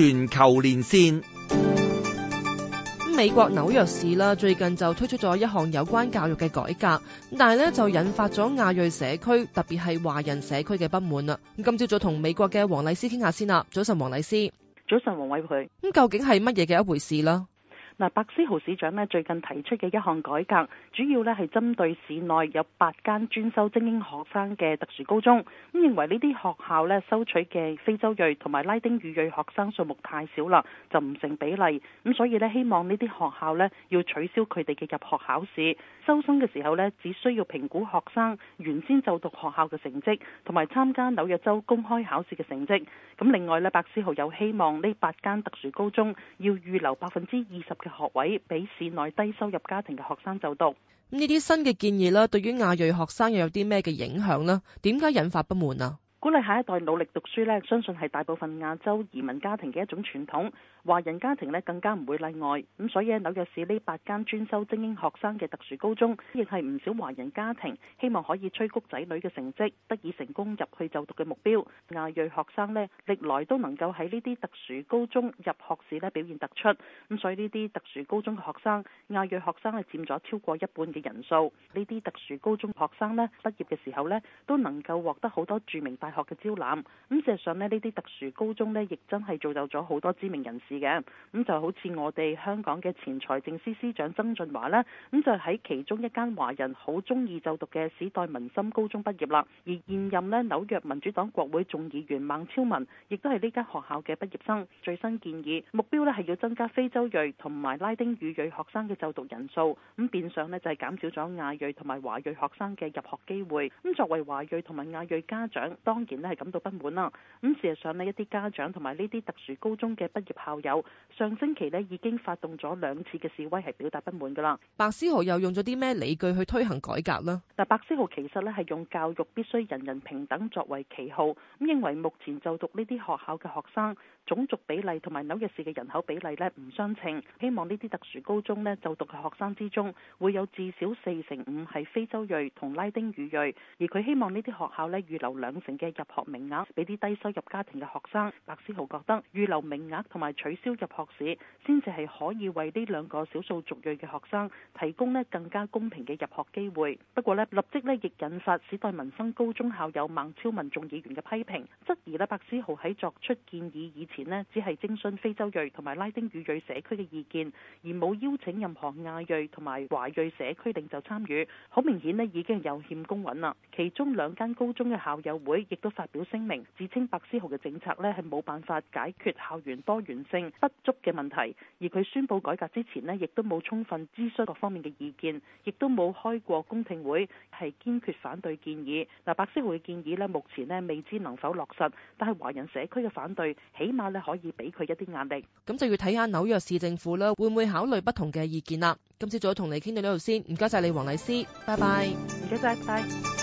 全球連線，美國紐約市啦，最近就推出咗一項有關教育嘅改革，但係咧就引發咗亞裔社區，特別係華人社區嘅不滿啦。今朝早同美國嘅黃麗施傾下先啦。早晨，黃麗施。早晨，王慧蓓。咁究竟係乜嘢嘅一回事呢？嗱，白思豪市長咧最近提出嘅一項改革，主要咧係針對市內有八間專收精英學生嘅特殊高中，咁認為呢啲學校咧收取嘅非洲裔同埋拉丁語裔學生數目太少啦，就唔成比例，咁所以咧希望呢啲學校咧要取消佢哋嘅入學考試，收生嘅時候咧只需要評估學生原先就讀學校嘅成績，同埋參加紐約州公開考試嘅成績。咁另外咧，白思豪又希望呢八間特殊高中要預留百分之二十嘅學位俾市內低收入家庭嘅學生就讀，呢啲新嘅建議啦，對於亞裔學生又有啲咩嘅影響呢？點解引發不滿啊？鼓勵下一代努力讀書呢，相信係大部分亞洲移民家庭嘅一種傳統，華人家庭呢更加唔會例外。咁所以紐約市呢八間專收精英學生嘅特殊高中，亦係唔少華人家庭希望可以催谷仔女嘅成績，得以成功入去就讀嘅目標。亞裔學生呢歷來都能夠喺呢啲特殊高中入學時呢表現突出。咁所以呢啲特殊高中嘅學生，亞裔學生係佔咗超過一半嘅人數。呢啲特殊高中學生呢畢業嘅時候呢都能夠獲得好多著名大大學嘅招攬，咁事實上呢，呢啲特殊高中呢亦真係造就咗好多知名人士嘅，咁就好似我哋香港嘅前財政司司長曾俊華呢，咁就喺其中一間華人好中意就讀嘅史岱文森高中畢業啦，而現任呢紐約民主黨國會眾議員孟超文，亦都係呢間學校嘅畢業生。最新建議目標呢係要增加非洲裔同埋拉丁語裔學生嘅就讀人數，咁變相呢就係減少咗亞裔同埋華裔學生嘅入學機會。咁作為華裔同埋亞裔家長，當當然咧係感到不滿啦。咁事實上呢一啲家長同埋呢啲特殊高中嘅畢業校友，上星期咧已經發動咗兩次嘅示威，係表達不滿噶啦。白思豪又用咗啲咩理據去推行改革呢？嗱，白思豪其實咧係用教育必須人人平等作為旗號，咁認為目前就讀呢啲學校嘅學生種族比例同埋紐約市嘅人口比例咧唔相稱，希望呢啲特殊高中咧就讀嘅學生之中，會有至少四成五係非洲裔同拉丁裔，而佢希望呢啲學校咧預留兩成嘅入學名額俾啲低收入家庭嘅學生，白思豪覺得預留名額同埋取消入學試，先至係可以為呢兩個少數族裔嘅學生提供呢更加公平嘅入學機會。不過呢，立即呢亦引發史岱文森高中校友孟昭文眾議員嘅批評，質疑呢，白思豪喺作出建議以前呢，只係徵詢非洲裔同埋拉丁語裔社區嘅意見，而冇邀請任何亞裔同埋華裔社區領袖參與，好明顯呢，已經係有欠公允啦。其中兩間高中嘅校友會亦。亦都發表聲明，自稱白思豪嘅政策呢係冇辦法解決校園多元性不足嘅問題，而佢宣布改革之前呢，亦都冇充分諮詢各方面嘅意見，亦都冇開過公聽會，係堅決反對建議。嗱，白思豪嘅建議呢，目前呢未知能否落實，但係華人社區嘅反對，起碼咧可以俾佢一啲壓力。咁就要睇下紐約市政府啦，會唔會考慮不同嘅意見啦？今朝早同你傾到呢度先，唔該晒你，黃麗施，拜拜，唔該晒。拜拜。